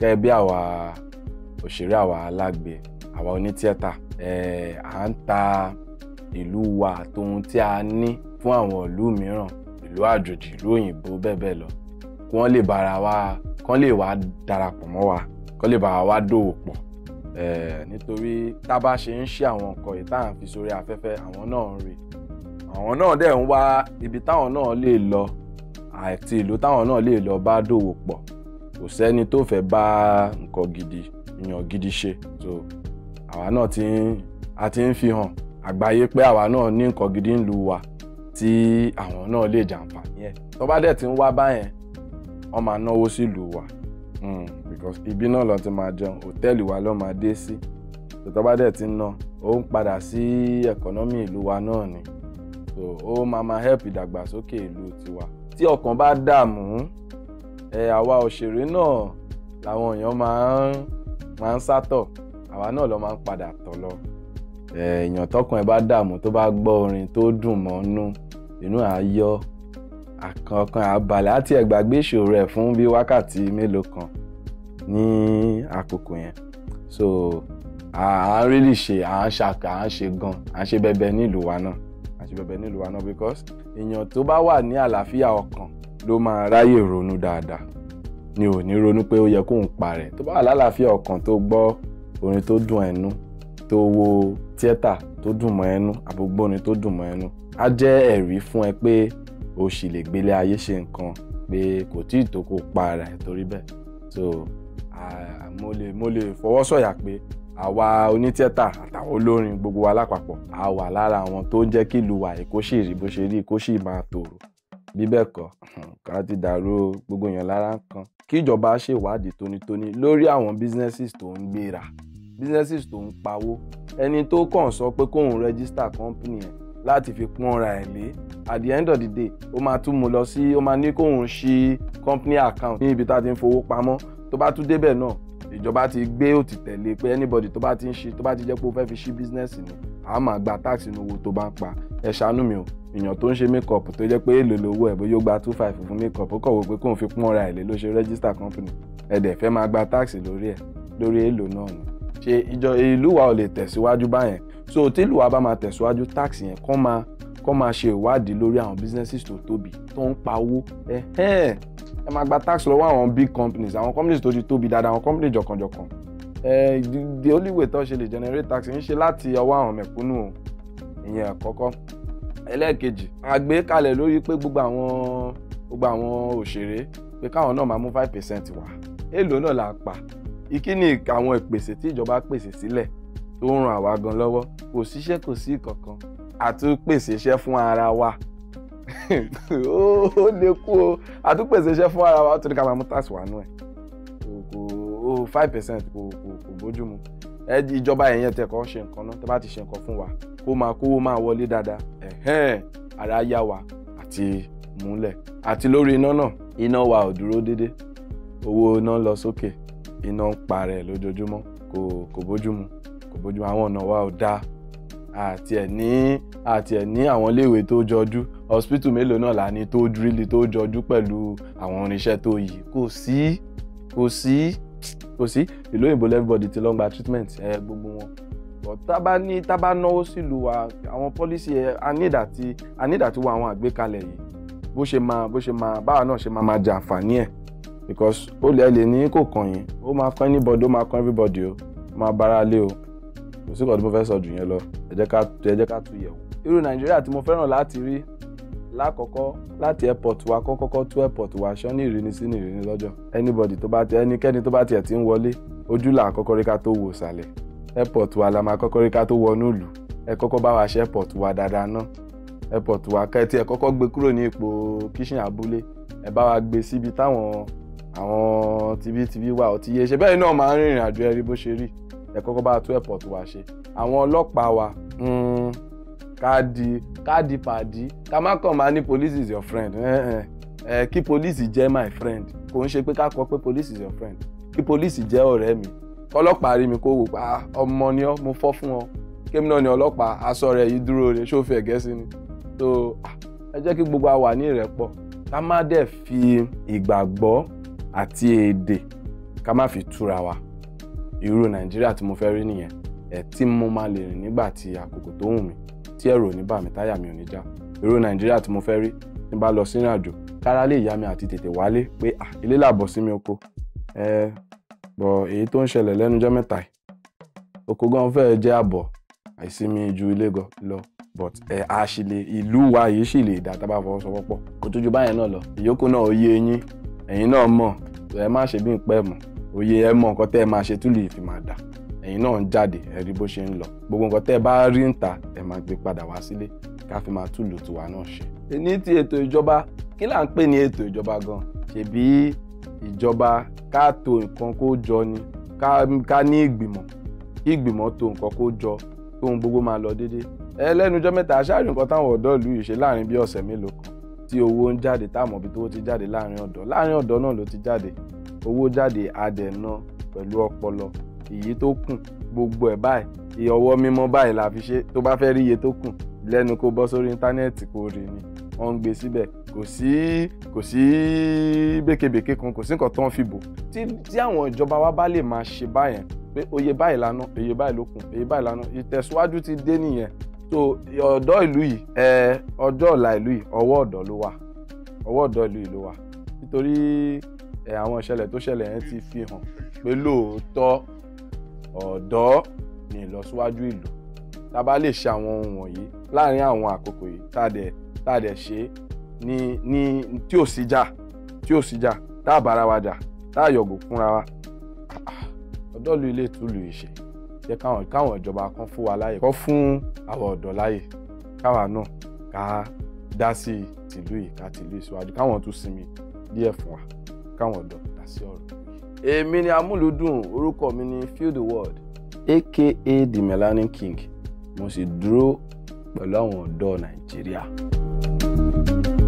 gẹ́gẹ́ bí àwa òṣèré àwa alágbe àwa onítìẹ́tà à ń ta ìlú wa àtòhun tí a ní fún àwọn ìlú mìíràn ìlú àjòjì ìlú òyìnbó bẹ́ẹ̀ bẹ́ẹ̀ lọ kí wọ́n lè bára wa kán lè wá darapọ̀ mọ́ wa kán lè bára wa dòwò pọ̀ nítorí tá a bá ṣe ń ṣe àwọn nǹkan yìí tá à ń fi sórí afẹ́fẹ́ àwọn náà ń rí àwọn náà dẹ̀ ń wá ibi táwọn náà lè lọ àti ìlú táwọn náà lè lọ bá dòwò pọ̀ kò sẹ́ni tó fẹ́ bá nǹkan gidi ìyàn gidi ṣe so àwa náà ti ń a ti ń fi hàn àgbáyé pé àwa náà ní nǹkan gidi ń lu wa tí àwọn náà lè jàǹfààní ẹ̀ tó bá dẹ̀ ti ń wá báyẹn wọ́n máa náwó sí ìlú wa hmm, because ibi náà lọ́n ti máa jẹun hòtẹ́ẹ̀lì wa ló máa dé sí tó bá dẹ̀ ti ń ná ó ń padà sí ẹ̀kọ́nọ́mì ìlú wa náà ni so ó máa máa help ìdàgbàsókè ìlú tiwa tí ọkàn bá dààmú àwa òṣèré náà làwọn èèyàn máa ń máa ń sátọ̀ àwa náà lọ máa ń padà tọ̀ lọ èèyàn tọkàn ẹ bá dààmú tó bá gbọ́ orin tó dùn mọ́nú inú àáyọ́ àkànkàn àbàlẹ̀ àti ẹ̀gbàgbé ìṣòro ẹ̀ fún bíi wákàtí mélòó kan ní àkókò yẹn so à ń really ṣe à ń ṣàkà à ń ṣe gan à ń ṣe bẹbẹ nílùú wa náà à ń ṣe bẹbẹ nílùú wa náà because èèyàn tó bá wà ní àlàáfíà ọkàn ló máa ráyè ronú dáadáa ni ò ní ronú pé ó yẹ kóun parẹ́ tó bá wà lálàáfíà ọkàn tó gbọ́ orin tó dùn ẹnu tó wo tíẹ́tà tó dùn mọ́ ẹnu àbúgbóni tó dùn mọ́ ẹnu á jẹ́ ẹ̀rí fún ẹ pé o sì lè gbélé ayé ṣe nǹkan pé kò tí ì tó kó parẹ́ torí bẹ́ẹ̀ so mo lè mo lè fọwọ́sọ̀yà pé àwa onítìẹ́tà àtàwọn olórin gbogbo wa lápapọ̀ a wà lára àwọn tó ń jẹ́ kí ìlú wa Èkó sì rí bó ṣe rí kó sì máa tòrò bí bẹ́ẹ̀ kọ́ ká ti dàrú gbogbo èèyàn lára kan kí ìjọba ṣèwádìí tónítóní lórí àwọn businesses tó ń gbéra businesses tó ń pawó ẹni tó kàn sọ pé kóun register company ẹ̀ láti fi pọ́nra ẹ̀ lé at the end of the day ó máa tún mú lọ sí ó máa ní kóun ṣí company account ní ibi tá a ti ń fowó pamọ́ tó bá tún débẹ̀ náà ìjọba ti gbé òtì tẹ̀lé pé anybody tó bá ti ń ṣe tó bá ti jẹ́ pé ó fẹ́ fi ṣí business ni àá máa gba tax inú owó tó bá ń pa ẹ̀ ṣàánú mi o èèyàn tó ń ṣe makeup tó jẹ́ pé èlò lówó ẹ̀ bóyá ó gba two five fún makeup ó kọ̀wé pé kóun fi pọ́n ra èlé ló ṣe register company ẹ̀dẹ̀ fẹ́ máa gba tax lórí ẹ̀ lórí èlò náà ni ṣe ìjọ ìlú wa ò lè tẹ̀síwájú báyẹn so tí ìlú wa bá máa tẹ̀síwájú tax yẹn kọ́ máa kọ́ máa ṣe ìwádìí lórí àwọn businesses tó tóbi tó ń pa owó ẹ ẹ máa gba tax lọ́wọ́ àwọn big companies àwọn companies tó ti tóbi dáadáa àwọn companies jọ̀kànjọ̀kàn ẹ the only way tó ṣe lè generate tax ń ṣe láti ọwọ́ àwọn mẹ̀kúnnù ìyẹn àkọ́kọ́ ẹlẹ́ẹ̀kejì àgbékalẹ̀ lórí pé gbogbo àwọn gbogbo àwọn òṣèré pé káwọn náà máa mú five percent wá èèlò náà la pa ìkíni àwọn ìpèsè tí ìjọba pèsè sílẹ̀ tó ń ran àwa gan lọ́wọ́ kò síṣẹ́ kò sí kankan àtúnpèsè iṣẹ́ fún ara wa ó lè kú o àtúnpèsè iṣẹ́ fún ara wa ó torí ká máa mú tax wà nù ẹ̀ kò five percent kò kò kò bójú mu ìjọba ẹ̀yẹn tẹ̀kọ́ ṣe nǹkan náà tẹ́ bá ti ṣe nǹkan fún wa kó máa kówó máa wọlé dáadáa ẹ̀hẹ́n ara yá wa àti múlẹ̀ àti lórí iná náà iná wa ò dúró déédéé owó iná lọ sókè iná ń parẹ́ lójoojúmọ́ kò kò bójúmu kò bójú àwọn ọ̀nà wa ò dáa àti ẹ̀ ní àti ẹ̀ ní àwọn iléèwé tó jọjú hospital mélòó náà là ní tó dúrílì tó jọjú pẹ̀lú àwọn irinṣẹ́ tó yìí kò sí kò sí kò sí ìlú òyìnbó everybody ti lọ gba treatment ẹ gbogbo wọn but tábà ní tábà náwó sílùú wa àwọn policy ẹ anídà ti anídà ti wọ àwọn àgbékalẹ̀ yìí bó ṣe máa bó ṣe máa báwa náà ṣe máa máa jẹ àǹfààní ẹ̀ because ó lè lè ní kò kàn yín ó máa kàn anybody ó máa kàn everybody o ó máa bára lé o kò sí kọ́ tí mo fẹ́ sọ jù yẹn lọ ẹ jẹ́ ká tú yẹ̀ wò irú nàìjíríà tí mo fẹ́ràn láti rí lákọ̀ọ́kọ́ láti airport wa kọ́kọ́kọ́ tó airport wa aṣọ ní ìrìnnì sí ní ìrìnnì lọ́jọ́ anybody tó bá ti ẹnikẹ́ni tó bá tiẹ̀ ti ń wọlé ojú là kọ́kọ́ rí ká tó wò sàlẹ̀ airport wa la máa kọ́kọ́ rí ká tó wọnú ìlú ẹ kọ́kọ́ bá wa ṣe airport wa dáadáa náà airport wa kẹ́tí ẹ kọ́kọ́ gbé kúrò ní ipò kíṣìn abúlé ẹ bá wa gbé síbi táwọn àwọn tibítibí wà ọtí yé ṣe bẹ́ẹ̀ náà máa ń rìnrìn àjò ẹ rí bó ṣe rí ẹ kọ́kọ́ bá tó airport wa ṣe àwọn ọlọ́pàá wa hmm, ká di ká di pàdí ká má kàn máa ní police is your friend Eh, eh. Eh, kí police jẹ́ my friend kò ń ṣe pé ká kọ pé police is your friend kí police jẹ́ ọ̀rẹ́ mi kọ́lọ́pàá rí mi kó wò pa ọmọ ni ọ́ mo fọ́ fún ọ kémi náà ni ọlọ́pàá aṣọ rẹ̀ yìí dúró rẹ̀ ṣó fi ẹ̀gẹ́ sí ni so ẹ jẹ́ kí gbogbo àwa ní ìrẹ́pọ̀ ká má dẹ̀ fi ìgbàgbọ́ àti èdè ká má fi túra wa irú nàìjíríà tí mo fẹ́ rí nìyẹn ẹ̀ tí mo máa lè rìn nígbà tí àkókò tó wù mí tí ẹ̀rọ ò ní bà mí táyà mi ò ní já èrò nàìjíríà tí mo fẹ́ rí tí n bá lọ sínú àjò kára lè yá mi àti tètè wálé pé à ilé làbọ̀ sí mi oko ẹ bọ̀ èyí tó ń ṣẹlẹ̀ lẹ́nujọ́ mẹ́ta yìí oko gan fẹ́ jẹ́ àbọ̀ àìsinmi ju ilé lọ but ẹ a ṣì lè ìlú wa yìí ṣì lè dá tábà fọwọ́sowọ́pọ̀ kò tójú báyẹn náà lọ ìyókù náà òye yín ẹ̀yin náà mọ̀ ẹ má ṣe bí n pẹ́ mọ̀ òye ẹ mọ̀ nǹkan tẹ́ ẹ máa ṣe túlù ìfìmọ̀ àdá ẹ̀yin náà ń jáde ẹ rí bó ṣe ń lọ gbogbo nǹkan tẹ́ ẹ bá rí ń ta ẹ máa gbé padà wá sílé ká fi máa túlù tiwa náà ṣe. ní ti ètò ìjọba kí là ń pè ní ètò ìjọba gan ṣèbí ìjọba ká to nǹkan kó jọ ni ká ní ìgbìmọ̀ ìgbìmọ̀ to nǹkan kó jọ tóun gbogbo máa lọ déédéé ẹlẹ́nujọ́ mẹ́ta aṣáájú nǹkan táwọn ọ̀dọ́ ìlú yìí ṣe láàrin bí ọ̀sẹ̀ mélòó kan tí owó ń jáde táàmọ̀ bí tó ti jáde láàrin ọ̀dọ́ láàrin ọ̀dọ́ náà ló ti jáde owó jáde adẹ̀nà pẹ̀lú ọpọlọ èyí tó kù gbogbo ẹ̀ báyìí iye ọwọ́ mímọ́ báyìí la fi ṣe tó bá fẹ́ rí iye tó kù lẹ́nu kó bọ́ sórí íńtánẹ́ẹ̀tì kó rí ni wọ́n ń gbé síbẹ̀ kò sí kò sí békebèke kan kò sí nǹkan tó ń fi bò tí tí àwọn ìjọba wa bá lè máa ṣe báyẹn pé oyè báyìí lana oyè báyìí ló kù oyè báyìí lana ìtẹ̀síwájú ti dé nìyẹn so ọ̀dọ́ ìlú yìí ẹ ọjọ́ ọ̀la ìlú yìí ọwọ́ ọ̀dọ́ ló wà ọwọ́ ọ̀dọ́ ìlú yìí ló wà nítorí àwọn ìṣẹ̀lẹ̀ tó ṣẹlẹ̀ yẹn ti fi hàn pé lóòótọ́ ọ̀dọ́ ni ìlọsíwájú ìlú tá a bá lè ṣe àwọn ohun wọ̀nyí láàrin àwọn àkókò yìí tá a dẹ̀ tá a dẹ̀ ṣe ní ní tí ò sí jà tí ò sí jà tá a bára wa jà tá a yọ̀gò fúnra wa ọ̀dọ́ lu ilé ìtúlù ìṣe jẹ́ káwọn káwọn ìjọba kan fún wa láyè kọ́ fún àwọn ọ̀dọ́ láyè káwa náà ká dá sí tìlú yìí ká tìlú ìṣíwájú káwọn tún sinmi díẹ̀ fún wa káwọn ọ̀dọ́ dá sí ọ̀rọ̀ èmi ni amúlùúdùn orúkọ mi ni feel the world aka the melanin king mo sì dúró pẹ̀lú àwọn ọ̀dọ́ nàìjíríà. thank you